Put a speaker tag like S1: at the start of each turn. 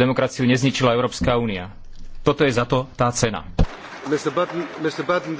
S1: demokraciu nezničila Európska únia. Toto je za to tá cena.
S2: Mr. Button, Mr. Button,